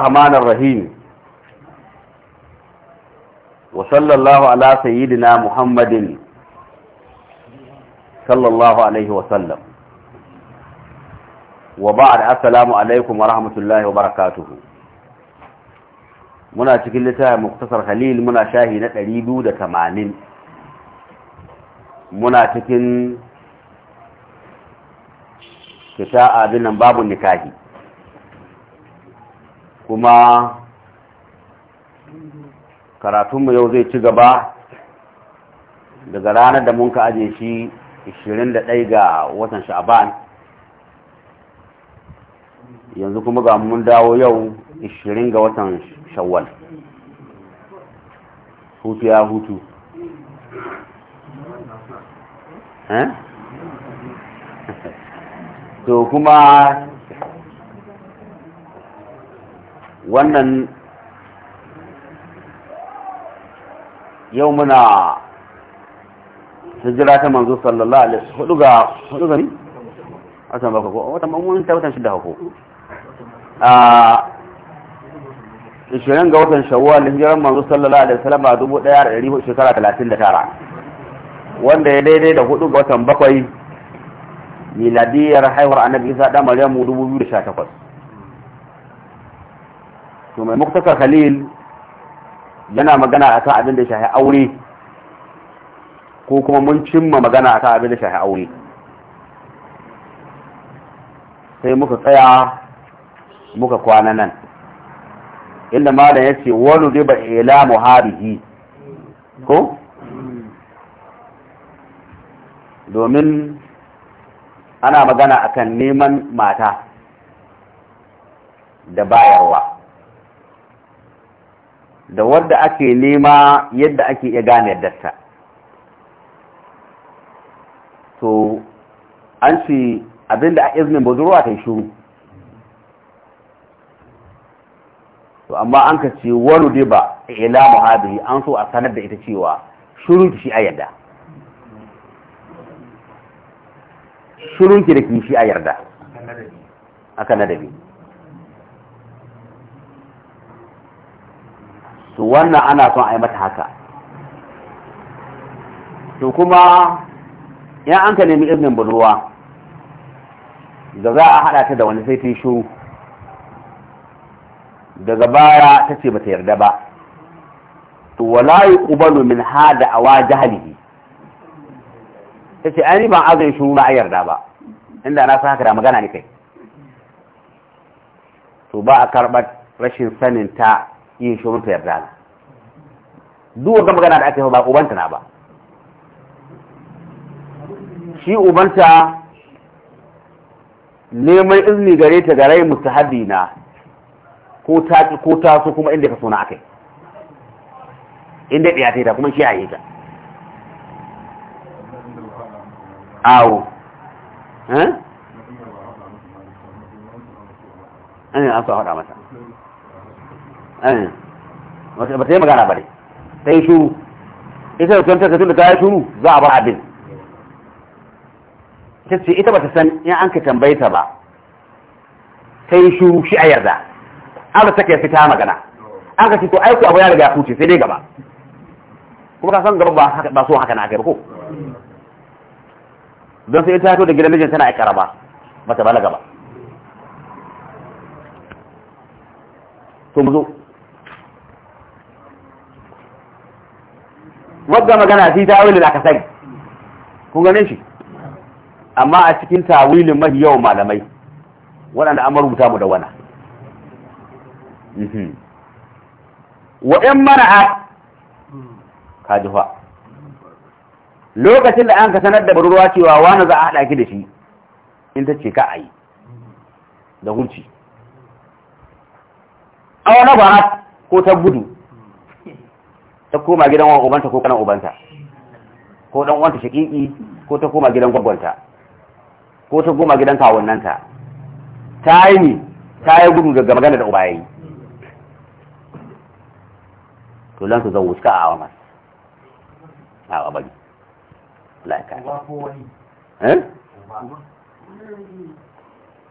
الرحمن الرحيم وصلى الله على سيدنا محمد صلى الله عليه وسلم وبعد السلام عليكم ورحمة الله وبركاته muna cikin littafin muktasar khalil muna shahi na 280 muna cikin kita abin nan babu nikahi kuma karatunmu yau zai ci gaba daga ranar da mun ka aje shi 21 ga watan sha'aban yanzu kuma ga mun dawo yau 20 ga watan shawwal hutu ya hutu eh? to kuma wannan yau muna hijira ta manzo sallallahu alaihi wasallam hudu ga hudu ga ni watan baka ko watan mun ta watan shida ko a 20 ga watan shawwal hijiran manzo sallallahu alaihi wasallam a dubu 1400 shekara 39 wanda ya daidai da hudu ga watan bakwai miladiyar haihuwar annabi isa da maryamu dubu 2018 to mai muktasar khalil yana magana a kan abin da shahi aure ko kuma mun cimma magana a kan abin da shahi aure sai muka tsaya muka kwana nan inda malam ya ce wani riba ila muharihi ko domin ana magana akan neman mata da bayarwa da wadda ake nema yadda ake iya gane yaddarta to an ce abinda a izinin budurwa ta shuru to amma an ka ce wani ba ila muhadiri an so a sanar da ita cewa shuru shi a yarda ki da shi a yarda aka nadabi to wannan ana son a yi mata haka to kuma ya an ka nemi izinin budurwa da za a haɗa ta da wani sai shiru daga baya ta ce bata yarda ba to wala yi ƙubalu min hada a wa jahalihi ta ce ainihin ban azin shuru na a yarda ba inda na sa haka da magana ne kai to ba a karɓar rashin saninta yin shirin ta yarda duk wata magana da aka yi ba ubanta na ba shi ubanta neman izini gare ta gare haddi na ko ta ko ta so kuma inda ka so na yi inda ɗaya ta kuma shi a yi ta awo eh, eh an sa hada mata Eh. ba ta yi magana ba ne ta yi shuru ita da tuwanta tun da ta yi shuru za a ba abin ta ce ita ba ta san in an ka tambaye ba ta yi shuru shi a yarda an da take fita magana an ka ce to aiko abu ya riga ya kuce sai dai gaba kuma ka san gaba ba so haka na kai ba ko don sai ta fito da gidan mijin tana aikara ba ba ta balaga ba to mu zo wadda magana fi tawilin aka sani kun gane shi amma a cikin tawilin mafi yawan malamai waɗanda an marubuta mu da wana mhm. wa'in mana'a kajiwa lokacin da an ka sanar da barurwa cewa wani za a haɗa ki da shi in ta ce ka a yi da hulci a wani ba ko ta gudu ta koma gidan wa ubanta ko kanan ubanta ko dan uwanta shakiki ko ta koma gidan gwagwanta ko ta koma gidan kawunnanta ta yi ni ta yi gudu daga magana da uba yayi to lan su zawo suka awa a awa bari la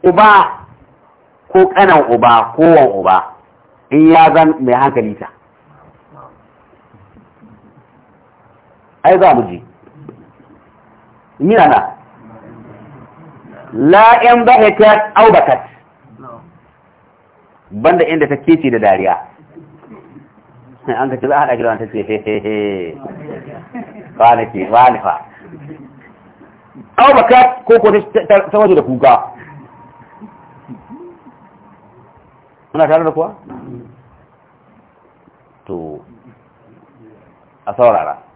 uba ko kanan uba ko wan uba in ya zan mai hankali ta ai za mu ji mina na la'in bahikat aubakat banda inda ta kece da dariya an ka ci za a haɗa gidan ta ce hehehe kwanaki walifa aubakat ko ko ta waje da kuka muna tare da kuwa to a saurara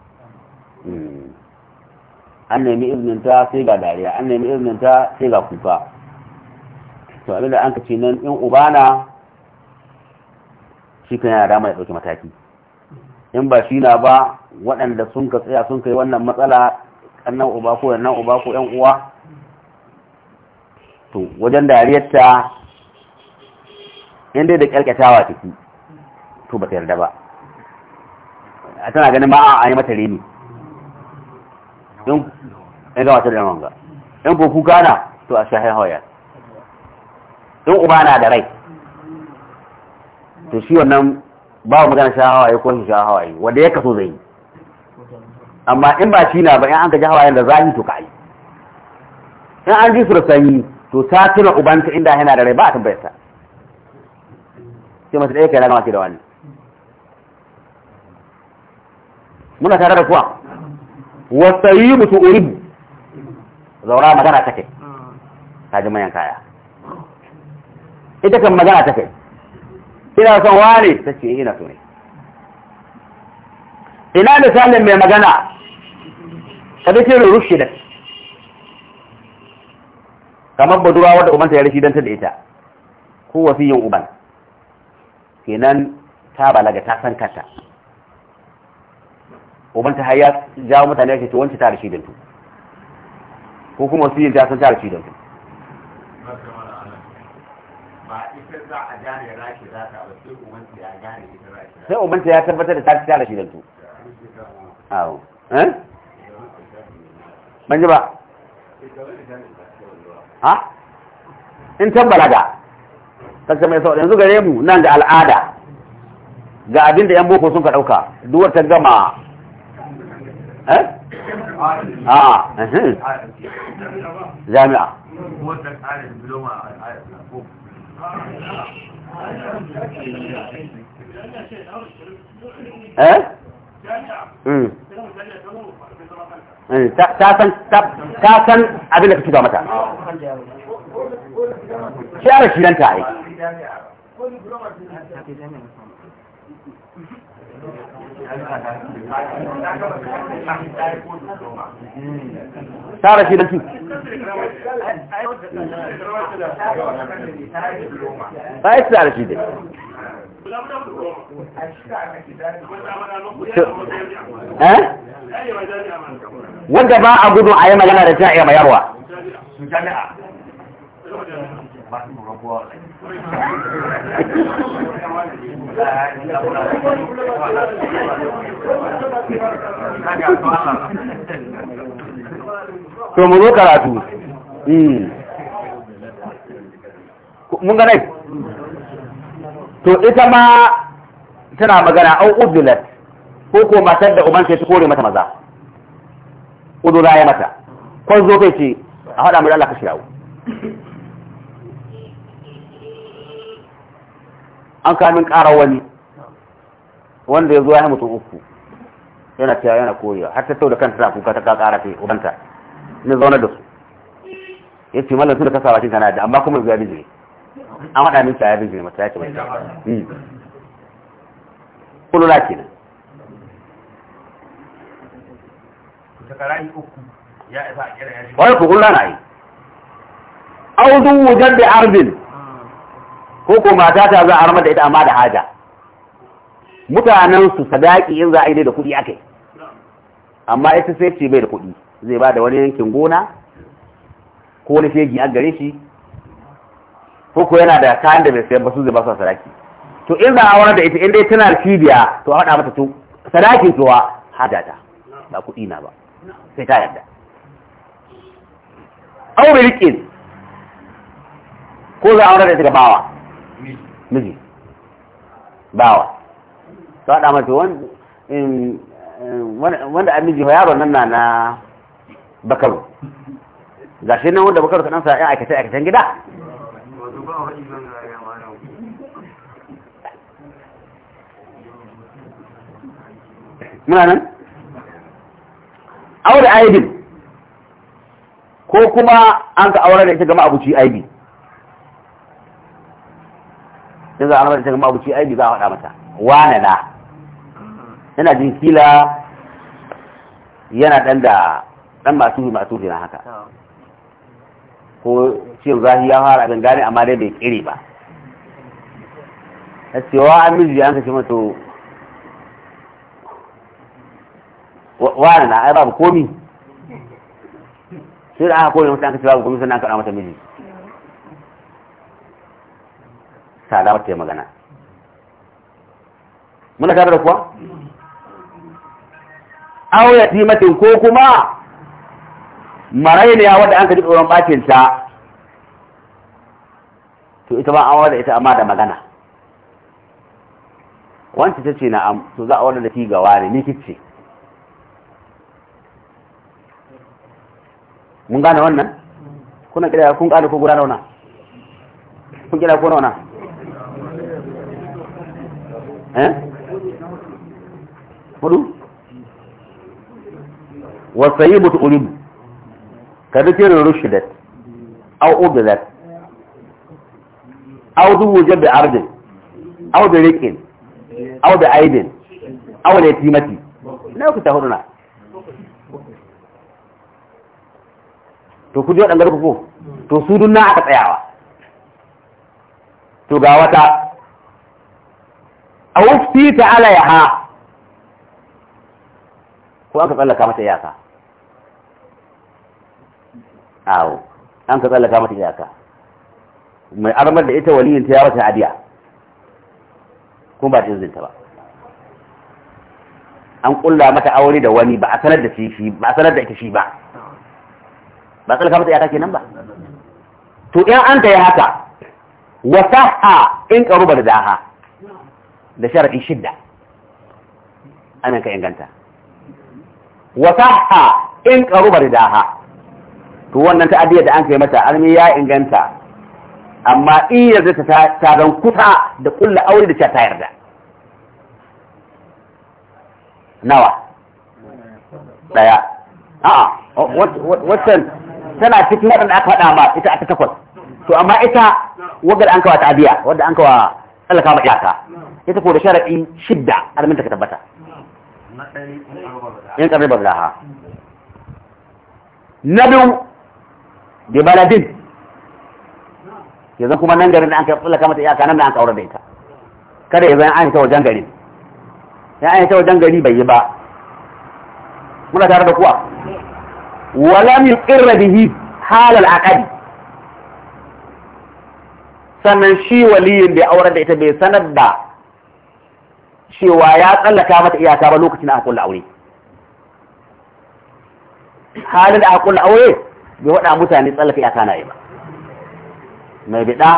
an nemi izinin ta sai ga dariya an nemi izinin ta sai ga kuka to abin da an ce nan in ubana shi kan yana damar ya dauki mataki in ba shi na ba waɗanda sun ka tsaya sun kai wannan matsala kannan uba ko nan uba ko yan uwa to wajen dariyar ta in dai da kyalkyatawa take to ba ta yarda ba tana ganin ma a yi mata reni in ga wata da wanga in ko kuka na to a shahi hawaya in uba na da rai to shi wannan ba mu magana shahawa ya ko shi shahawa ya wanda ya kaso zai amma in ba shi na ba in an ka ji hawayen da yi to kai in an ji su da sanyi to ta tuna ubanta inda yana da rai ba a tambayar ta sai masu ɗaya kai na gama da wani muna tare da kuwa wasayibu tu uribu zaura magana ta ke ta ji mayan kaya ita kan magana ta ke, ina son wane ta ce ina so ne ina misalin mai magana ta da ce rushe da kamar budurwa wadda ubanta ya rashi don ta da ita ko wasiyin uban kenan ta balaga ta san kanta ubanta har ya jawo mutane ya ce to wancan tare shi dantu ko kuma wasu yin ta san tare shi dantu sai ta ya tabbatar da ta tare shi dantu awo eh? ban ji ba ha in tabbala ga kasa mai sau yanzu gare mu nan da al'ada ga abin da 'yan boko sun ka ɗauka duwar ta gama آه جامعة ايه ta san abin da kake ba mata shi ara shiranta tara shi da ba eh? wanda ba a gudu a yi magana da ta iya mayarwa to mu zo karatu hmm. mun ga nai to ita ma tana magana an udulat ko ko matar da uban sai su kore mata maza udula ya mata kwanzo zo kai ce a haɗa mu da Allah ka shirawo an kamin ƙara wani wanda ya zo ya mutum uku yana cewa yana koyewa har ta sau da kanta kuka ta ƙara ta ubanta ni zaune da su ya ce mallam su da kasawa cin kana da amma kuma ya bijire an waɗa min ya bijire mata ya ce mai hmm. kulula kenan wani kukulla na yi audun wujar da arbin ko ko mata ta za a ramar da ita amma da haja mutanen su sadaki in za a yi da kuɗi akai amma ita sai ce bai da kuɗi zai ba da wani yankin gona ko wani shegi a gare shi ko ko yana da kayan da bai sayan ba su zai ba su sadaki to in za a wani da ita in dai tana cibiya to a faɗa mata to sadakin tuwa haja ta ba kuɗi na ba sai ta yarda aure riƙe ko za a wani da ita ga bawa miji bawa ta haɗa mace wanda an miji yaron nan na na bakaru ga shi nan wanda bakaru kaɗan sa'in aikace aikacen gida muna nan aure aibin ko kuma an ka aure da ita gama abuci aibi sai za a mata daga mabuci aibi za a faɗa mata wane na yana jin kila yana ɗan da ɗan masu masu na haka ko ciwon zafi ya fara gangane amma dai bai kiri ba ta cewa an miji an kashe mato wane na ai babu komi sai da aka kone mata an kashe babu komi sannan an kaɗa mata miji sa da mata magana muna tare da kuwa aw timatin ko kuma marainiya wadda an ka ji tsoron bakinta, to ita ba an wadda ita amma da magana wanci ta ce na'am to za a wadda da fi gawa ne ni kice mun gane wannan kuna kira kun gane ko guda nauna kun kira ko wannan? Eh? hudu wasu yi mutu ulibu ka zikirin rushidat au ubilat au duwujen da ardin au da rikin au da aidin au da yatimati na ku ta hudu na to ku ji waɗanda ko to su dunna aka tsayawa to ga wata a wufti ta alaiha ko an aka tsallaka mata iyaka awo an ka tsallaka mata iyaka mai armar da ita waliyin ta ya ta adiya kuma ba ta zinta ba an kulla mata aure da wani ba a sanar da shi shi, ba a sanar da ita shi ba ba tsallaka mata iyaka kenan ba to in an ta yi haka wasaha in karuba da daha da sharaɗi shidda ana ka inganta wasaha in da ha to wannan ta'adiyya da an kai mata almi ya inganta amma in yanzu ta ta dan kuta da kulla aure da ta yarda nawa daya a'a wannan tana cikin wadanda aka faɗa ma ita aka takwas to amma ita wagar an kawa ta'adiyya wadda an kawa Allah kama iyaka ya tafi da sharaɗi shidda alamin ta ka tabbata In ƙarfi ba zaha na biyu da baladin yanzu kuma nan garin da an ka tsallaka mata iyaka nan da an ka da ita kada ya zan an ta wajen gari ya an ta wajen gari bai yi ba muna tare da kuwa walam irra bihi halal aqadi sannan shi waliyin bai aure da ita bai sanar da cewa ya tsallaka mata iyaka ba lokacin da aka kulla aure halin da aka kulla aure bai wada mutane tsallaka iyaka na yi ba mai bida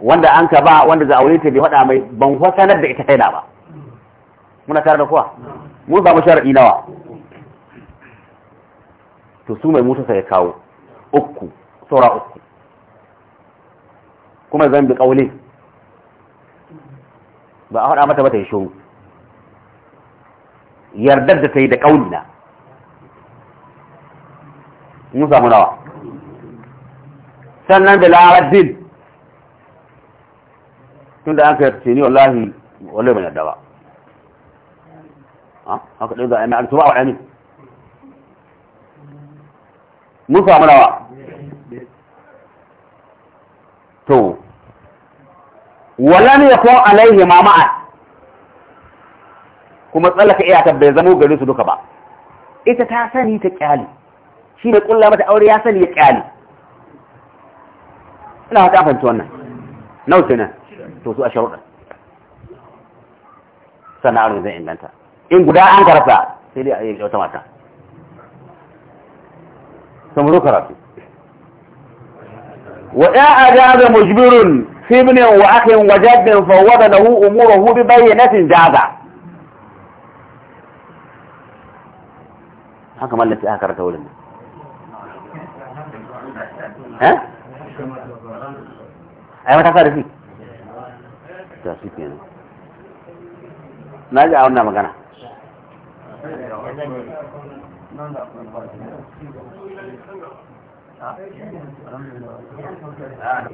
wanda an ka ba wanda za aure ta bai wada mai ban sanar da ita kaina ba muna tare da kuwa mun mu sharaɗi nawa to su mai mutu sai kawo uku saura uku kuma zan bi ƙaule ba a haɗa mata ba ta yi shuru yardar da ta yi da ƙauli na mun samu nawa sannan da laraddin tun da an ka yarce ni wallahi wallahi ban yarda ba ah, haka ɗin za a yi mai altuba wa ɗani mun samu nawa to ya yakun alaihi ma ma'a kuma tsallaka iyakar bai zamo gari su duka ba ita ta sani ta kyali. shi ne kulla mata aure ya sani ya kyali. ina haka fahimci wannan nauti nan to su a sharuɗa sana'ar aure zai inganta in guda an karasa sai dai a yi wata mata sun karatu وإن أجاب مجبر في ابن وأخ وجد فوض له أموره ببينة جازة haka mallaci aka karanta wurin ai ta shi na ji a wannan magana alhamdulillah